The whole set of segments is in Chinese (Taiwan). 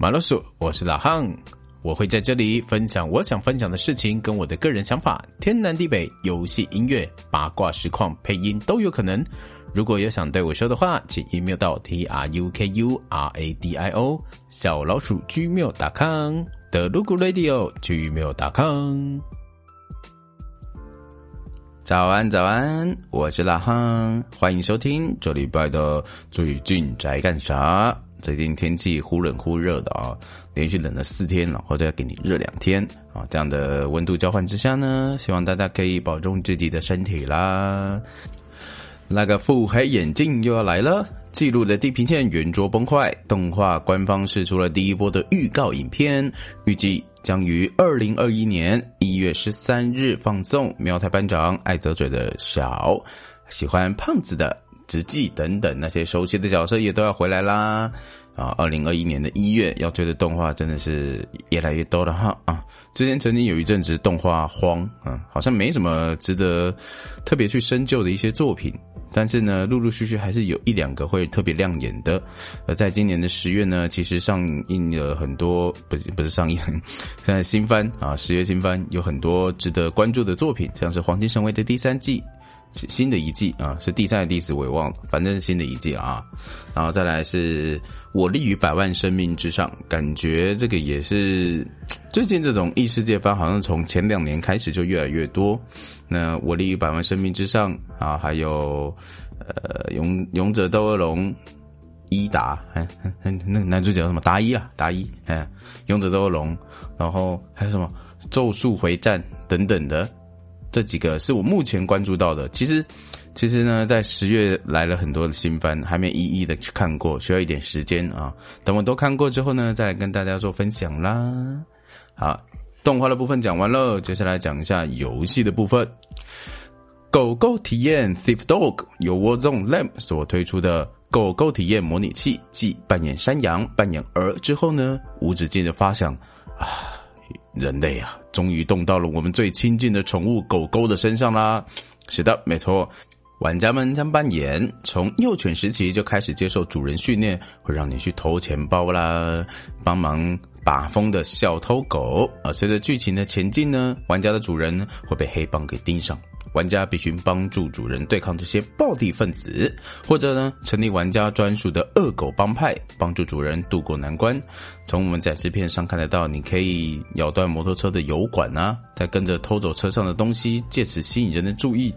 馬老鼠，我是老漢，我會在這裡分享我想分享的事情跟我的個人想法，天南地北、遊戲、音樂、八卦、實況、配音都有可能。如果有想對我說的話，請 email 到 t r u k u r a d i o 小老鼠 gmail 打康的 l o k radio gmail 打康。早安，早安，我是老漢，歡迎收聽這禮拜的最近宅幹啥。最近天氣忽冷忽熱的啊，連續冷了四天，然後再給你熱兩天啊，這樣的溫度交換之下呢，希望大家可以保重自己的身體啦。那個腹黑眼鏡又要來了，記錄的地平線圓桌崩壞動畫官方釋出了第一波的預告影片，預計將於二零二一年一月十三日放送。喵太班長愛澤嘴的小喜歡胖子的。直計等等那些熟悉的角色也都要回來啦！啊，二零二一年的一月要追的動畫真的是越來越多了哈啊！之前曾經有一陣子動畫荒啊，好像沒什麼值得特別去深究的一些作品，但是呢，陸陸續續還是有一兩個會特別亮眼的。而在今年的十月呢，其實上映了很多，不是不是上映，現在新番啊，十月新番有很多值得關注的作品，像是《黃金神威》的第三季。新的一季啊，是第三季還是第四我也忘了，反正是新的一季啊，然後再來是我立於百萬生命之上，感覺這個也是最近這種異世界番好像從前兩年開始就越來越多。那我立於百萬生命之上啊，還有呃勇勇者鬥惡龍一打、哎，那個、男主角什麼達伊啊，達伊，嗯、哎，勇者鬥惡龍，然後還有什麼咒術回戰等等的。這幾個是我目前關注到的，其實，其實呢，在十月來了很多的新番，還沒一一的去看過，需要一點時間啊。等我都看過之後呢，再來跟大家做分享啦。好，動畫的部分講完了，接下來講一下遊戲的部分。狗狗體驗《Thief Dog》由 World Lamp 所推出的狗狗體驗模擬器，繼扮演山羊、扮演鵝之後呢，無止境的發想啊。人類啊，終於動到了我們最親近的寵物狗狗的身上啦！是的，沒錯，玩家們將扮演從幼犬時期就開始接受主人訓練，會讓你去偷錢包啦、幫忙把風的小偷狗啊。隨着劇情的前進呢，玩家的主人會被黑幫給盯上。玩家必須幫助主人對抗這些暴力分子，或者呢，成立玩家專屬的惡狗幫派，幫助主人渡過難關。從我們展示片上看得到，你可以咬斷摩托車的油管啊，再跟着偷走車上的東西，借此吸引人的注意。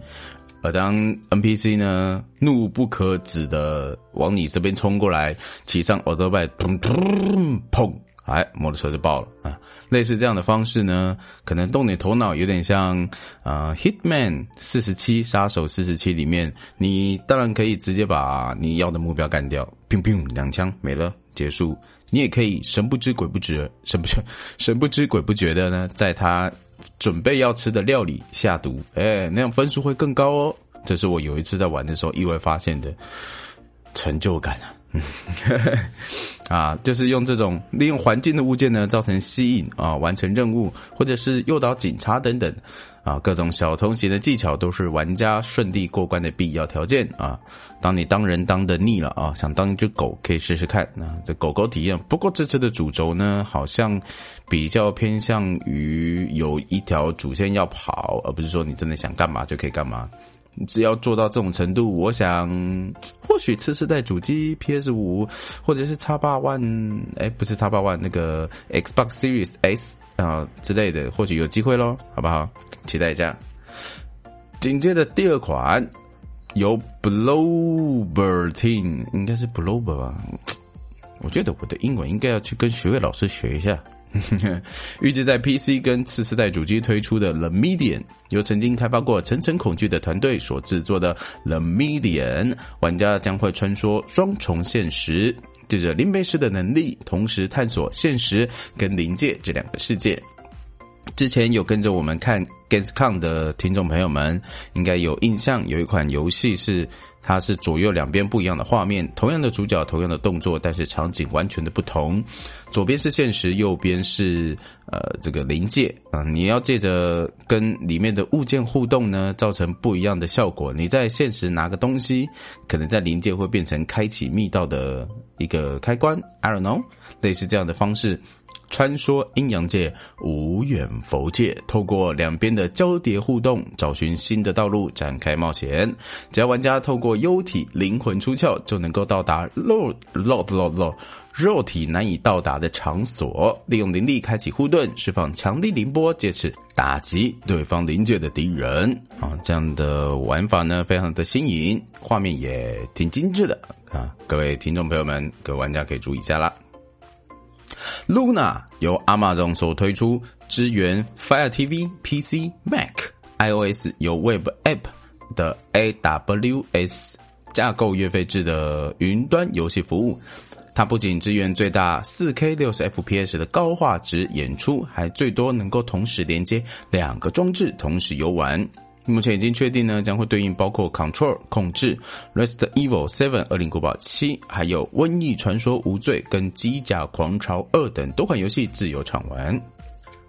而當 NPC 呢怒不可遏的往你這邊衝過來，騎上惡狗怪，砰砰砰！砰哎，摩托車就爆了啊！類似這樣的方式呢，可能動點頭腦，有點像啊，呃《Hitman 四十七殺手四十七》裡面，你當然可以直接把你要的目標幹掉，砰砰兩槍沒了，結束。你也可以神不知鬼不覺，神不知神不知鬼不覺的呢，在他準備要吃的料理下毒，哎、欸，那樣分數會更高哦。這是我有一次在玩的時候意外發現的成就感啊。呵 呵啊，就是用這種利用環境的物件呢，造成吸引啊，完成任務，或者是誘導警察，等等，啊，各種小偷型的技巧都是玩家順利過關的必要條件啊。當你當人當的膩了啊，想當一只狗，可以試試看。那、啊、這狗狗體驗。不過這次的主軸呢，好像比較偏向於有一條主線要跑，而不是說你真的想幹嘛就可以幹嘛。只要做到這種程度，我想或許次世代主機 PS 五或者是叉八 One 哎，欸、不是叉八 One 那個 Xbox Series S 啊之類的，或許有機會嘍，好不好？期待一下。緊接着第二款由 Bloober Team，應該是 Bloober 吧？我覺得我的英文應該要去跟學位老師學一下。預 計在 PC 跟次世代主機推出的《The Medium》，由曾經開發過《層層恐懼》的團隊所制作的《The Medium》，玩家將會穿梭雙重現實，借着靈媒師的能力，同時探索現實跟靈界這兩個世界。之前有跟着我們看 Gamescom 的聽眾朋友們，應該有印象，有一款遊戲是，它是左右兩邊不一樣的畫面，同樣的主角，同樣的動作，但是場景完全的不同。左邊是現實，右邊是呃這個臨界啊、呃，你要借着跟裡面的物件互動呢，造成不一樣的效果。你在現實拿個東西，可能在臨界會變成開啟密道的一個開關，I don't know，類似這樣的方式。穿梭陰陽界，無遠弗屆，透過兩邊的交疊互動，找尋新的道路，展開冒險。只要玩家透過幽體靈魂出竅，就能夠到達肉、肉、肉、肉、肉體難以到達的場所。利用靈力開啟護盾，釋放強力靈波，借此打擊對方靈界的敵人。啊，這樣的玩法呢，非常的新穎，畫面也挺精致的啊！各位聽眾朋友們，各位玩家可以注意一下啦。Luna 由 Amazon 所推出，支援 Fire TV、PC、Mac、iOS 由 Web App 的 AWS 架構月費制的雲端遊戲服務。它不僅支援最大 4K 60FPS 的高畫質演出，還最多能夠同時連接兩個裝置同時遊玩。目前已經確定呢，將會對應包括 Control 控制、Resident Evil Seven 惡靈古堡七，還有瘟疫傳說無罪跟機甲狂潮二等多款遊戲自由暢玩。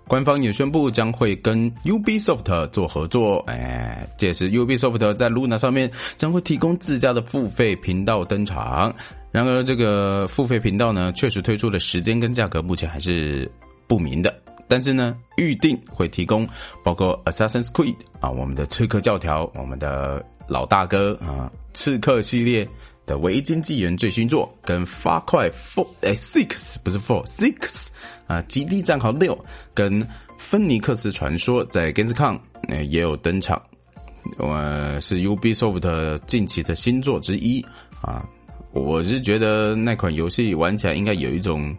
官方也宣布將會跟 Ubisoft 做合作，哎、欸，這也是 Ubisoft 在 Luna 上面將會提供自家的付費頻道登場。然而，這個付費頻道呢，確實推出的時間跟價格目前還是不明的。但是呢，預定會提供包括 Assassin's Creed 啊，我們的刺客教條，我們的老大哥啊，刺客系列的維京紀元最新作，跟 Far Cry Four 哎 Six 不是 Four Six 啊，極地戰嚎六跟《芬尼克斯傳說》在 Gamescom 也有登場，我、呃、是 Ubisoft 的近期的新作之一啊，我是覺得那款遊戲玩起來應該有一種。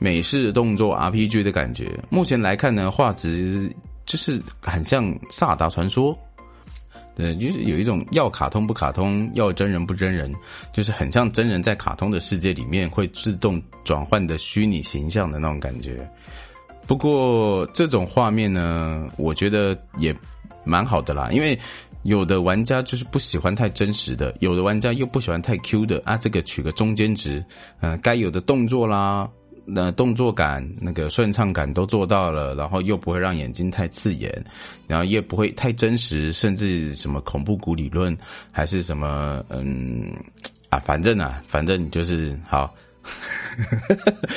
美式動作 RPG 的感覺，目前來看呢，畫質就是很像《薩達傳說》，嗯，就是有一種要卡通不卡通，要真人不真人，就是很像真人在卡通的世界裡面會自動轉換的虛擬形象的那種感覺。不過這種畫面呢，我覺得也蠻好的啦，因為有的玩家就是不喜歡太真實的，有的玩家又不喜歡太 Q 的啊，這個取個中間值，嗯、呃，該有的動作啦。那動作感、那個順暢感都做到了，然後又不會讓眼睛太刺眼，然後也不會太真實，甚至什麼恐怖谷理論還是什麼……嗯，啊，反正啊，反正就是好。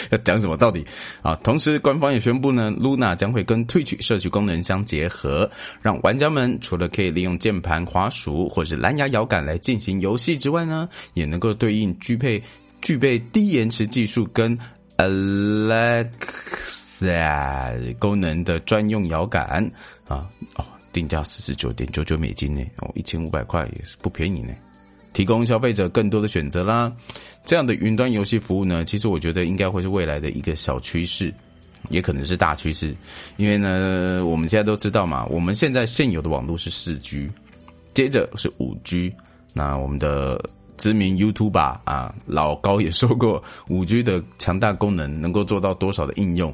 要講什麼到底啊？同時，官方也宣布呢，Luna 將會跟 Twitch 社區功能相結合，讓玩家們除了可以利用鍵盤、滑鼠或者藍牙搖桿來進行遊戲之外呢，也能夠對應具備具備低延遲技術跟。Alexa 功能的專用搖桿啊，哦，定價四十九點九九美金呢，哦，一千五百塊也是不便宜呢。提供消費者更多的選擇啦。這樣的雲端遊戲服務呢，其實我覺得應該會是未來的一個小趨勢，也可能是大趨勢。因為呢，我們現在都知道嘛，我們現在現有的網絡是四 G，接着是五 G，那我們的。知名 YouTuber 啊，老高也說過，五 G 的強大功能能夠做到多少的應用？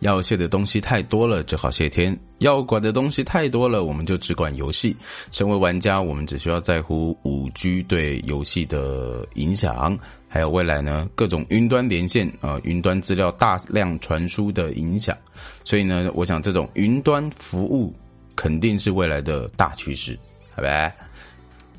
要謝的東西太多了，只好謝天；要管的東西太多了，我們就只管遊戲。身為玩家，我們只需要在乎五 G 對遊戲的影響，還有未來呢各種雲端連線啊，雲端資料大量傳輸的影響。所以呢，我想這種雲端服務肯定是未來的大趨勢。好吧。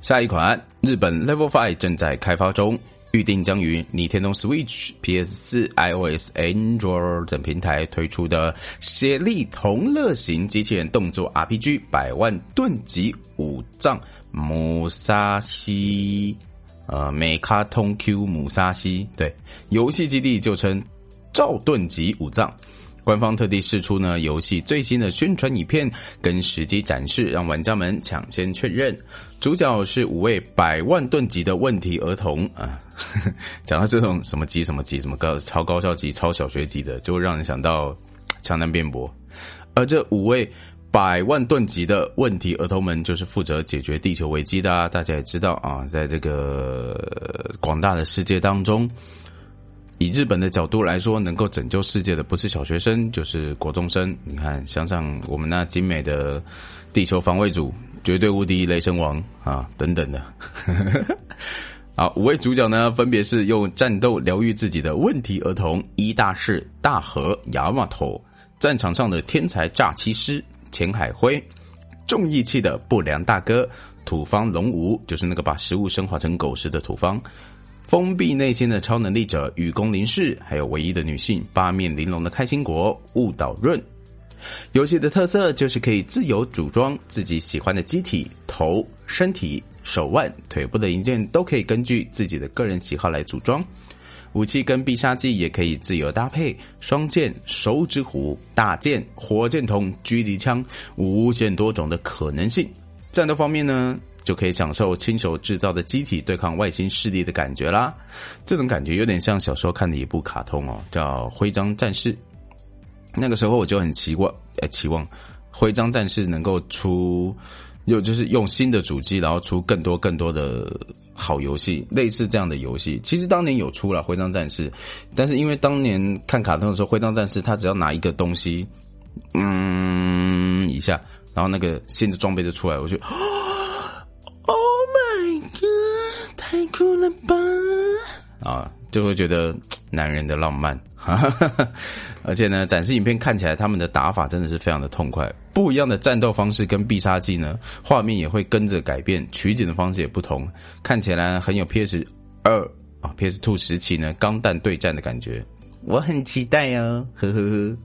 下一款，日本 Level Five 正在開發中，預定將於 Nintendo Switch、PS4、iOS、Android 等平台推出的協力同樂型機器人動作 RPG《百萬噸級武藏姆沙西》，呃，美卡通 Q 姆沙西，對，遊戲基地就稱兆噸級武藏。官方特地釋出呢遊戲最新的宣傳影片跟實機展示，讓玩家們搶先確認。主角是五位百萬噸級的問題兒童啊！講到這種什麼級、什麼級、什麼高超高校級、超小學級的，就會讓人想到強難辯駁。而這五位百萬噸級的問題兒童們，就是負責解決地球危機的啊，大家也知道啊，在這個廣大的世界當中。以日本的角度來說，能夠拯救世界的不是小學生，就是國中生。你看，想想我們那精美的《地球防衛組》《絕對無敵雷神王》啊等等的。 好，五位主角呢，分別是用戰鬥療癒自己的問題兒童伊大勢大和牙馬頭，戰場上的天才詐欺師淺海輝，重義氣的不良大哥土方龍吾，就是那個把食物升華成狗食的土方。封閉內心的超能力者雨宮凌士，還有唯一的女性，八面玲瓏的開心果霧島潤。遊戲的特色就是可以自由組裝自己喜歡的機體、頭、身體、手腕、腿部的零件，都可以根據自己的個人喜好來組裝。武器跟必殺技也可以自由搭配，雙劍、手指虎、大劍、火箭筒、狙擊槍，無限多種的可能性。戰鬥方面呢，就可以享受親手製造的機體對抗外星勢力的感覺啦！這種感覺有點像小時候看的一部卡通哦、喔，叫《徽章戰士》。那個時候我就很期望，哎、欸，期望《徽章戰士》能夠出，又就是用新的主機，然後出更多更多的好遊戲，類似這樣的遊戲。其實當年有出了《徽章戰士》，但是因為當年看卡通的時候，《徽章戰士》他只要拿一個東西，嗯一下，然後那個新的裝備就出來，我就。了吧啊，就會覺得男人的浪漫， 而且呢，展示影片看起來他們的打法真的是非常的痛快，不一樣的戰鬥方式跟必殺技呢，畫面也會跟着改變，取景的方式也不同，看起來很有 PS 二啊 PS Two 時期呢鋼彈對戰的感覺，我很期待哦，呵呵呵。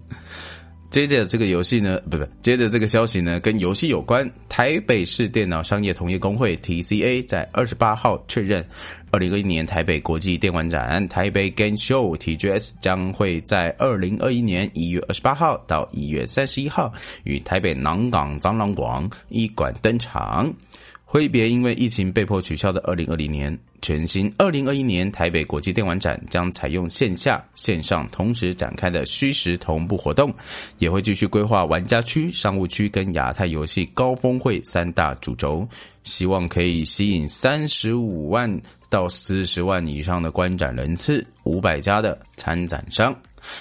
接着這個遊戲呢，不不，接着這個消息呢，跟遊戲有關。台北市電腦商業同業公會 TCA 在二十八號確認，二零二一年台北國際電玩展台北 Game Show TGS 將會在二零二一年一月二十八號到一月三十一號於台北南港展覽館一館登場。揮別因為疫情被迫取消的二零二零年，全新二零二一年台北國際電玩展將採用線下線上同時展開的虛實同步活動，也會繼續規劃玩家區、商務區跟亞太遊戲高峰會三大主軸，希望可以吸引三十五萬。到四十萬以上的觀展人次，五百家的參展商，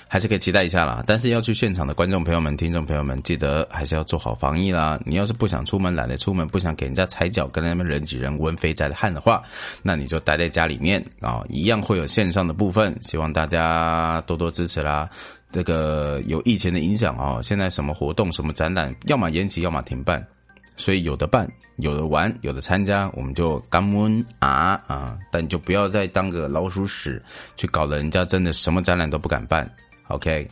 還是可以期待一下啦，但是要去現場的觀眾朋友們、聽眾朋友們，記得還是要做好防疫啦。你要是不想出門、懶得出門、不想給人家踩腳、跟他們人擠人、聞肥宅的汗的話，那你就待在家裡面啊、哦，一樣會有線上的部分。希望大家多多支持啦。這個有疫情的影響啊、哦，現在什麼活動、什麼展覽，要麼延期，要麼停辦。所以有的辦，有的玩，有的參加，我們就幹悶啊啊！但你就不要再當個老鼠屎，去搞了，人家真的什麼展覽都不敢辦。OK。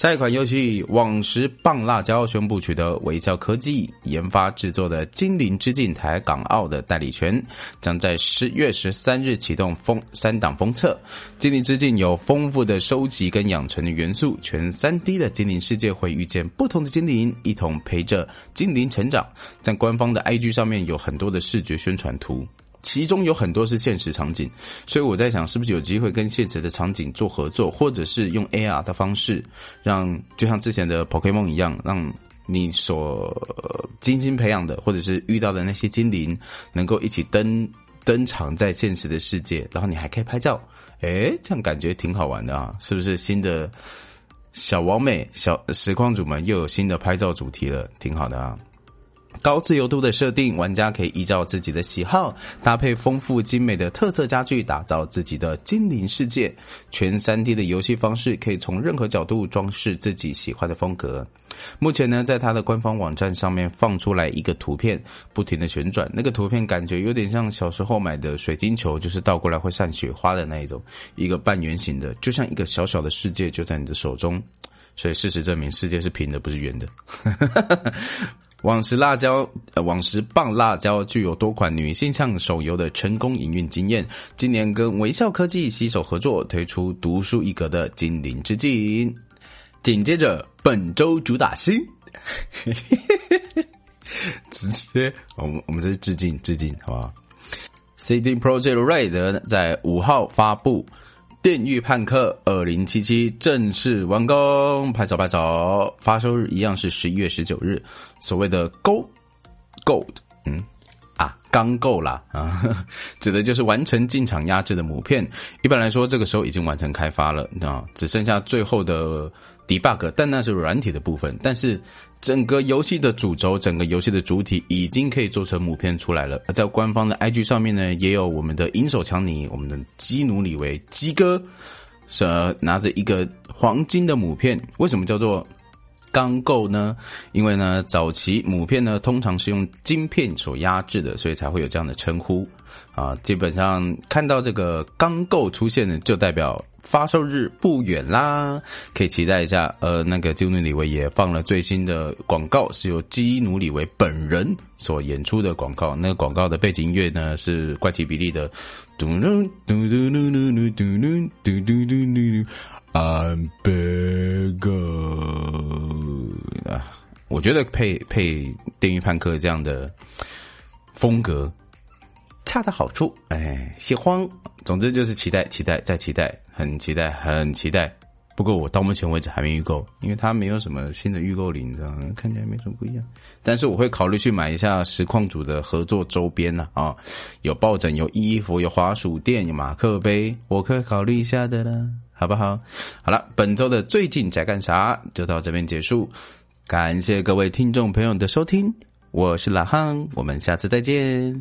下一款遊戲《網石棒辣椒》宣布，取得微笑科技研發製作的《精靈之境》台港澳的代理權，將在十月十三日啟動封三檔封測。《精靈之境》有豐富的收集跟養成元素，全三 D 的精靈世界會遇見不同的精靈，一同陪着精靈成長。在官方的 IG 上面有很多的視覺宣傳圖。其中有很多是現實場景，所以我在想，是不是有機會跟現實的場景做合作，或者是用 AR 的方式，讓，就像之前的 Pokémon 一樣，讓你所精心培養的，或者是遇到的那些精靈，能夠一起登登場在現實的世界，然後你還可以拍照，誒、欸，這樣感覺挺好玩的啊！是不是新的小網美、小實況主們又有新的拍照主題了，挺好的啊！高自由度的設定，玩家可以依照自己的喜好，搭配豐富精美的特色家具，打造自己的精靈世界。全 3D 的遊戲方式，可以從任何角度裝飾自己喜歡的風格。目前呢，在它的官方網站上面放出來一個圖片，不停的旋轉，那個圖片感覺有點像小時候買的水晶球，就是倒過來會散雪花的那一種，一個半圓形的，就像一個小小的世界就在你的手中。所以事實證明，世界是平的，不是圓的。 往時辣椒，呃，往時棒辣椒具有多款女性向手遊的成功營運經驗。今年跟微笑科技攜手合作，推出獨樹一格的精靈致敬《精靈之境》。緊接着，本周主打新， 直接，我們我們這致敬致敬，好吧？CD Project Red 在五號發布。《電馭叛客》二零七七正式完工，拍手拍手！發售日一樣是十一月十九日。所謂的 go gold，嗯啊，剛夠啦。啊，指的就是完成進場壓製的母片。一般來說，這個時候已經完成開發了，啊，只剩下最後的。debug，但那是軟體的部分。但是整個遊戲的主軸，整個遊戲的主體已經可以做成母片出來了。在官方的 IG 上面呢，也有我們的銀手強尼，我們的基努里維基哥，是，拿着一個黃金的母片。為什麼叫做鋼構 Go 呢？因為呢，早期母片呢通常是用金片所壓制的，所以才會有這樣的稱呼啊。基本上看到這個鋼構 Go 出現呢，就代表。發售日不遠啦，可以期待一下。呃，那個基努李維也放了最新的廣告，是由基努李維本人所演出的廣告。那個廣告的背景音樂呢是怪奇比利的，嘟嚕嘟嘟嚕嚕嘟嚕嘟嘟嘟嚕，I'm bigger 啊。 我覺得配配電音朋克這樣的風格恰到好處。哎，喜歡。總之就是期待，期待，再期待。很期待，很期待。不過我到目前為止還沒預購，因為它沒有什麼新的預購禮，你知道嗎？看起來沒什麼不一樣。但是我會考慮去買一下實況主的合作周邊吶啊、哦，有抱枕，有衣服，有滑鼠墊，有馬克杯，我可以考慮一下的啦，好不好？好了，本周的最近在幹啥就到這邊結束。感謝各位聽眾朋友的收聽，我是老漢，我們下次再見。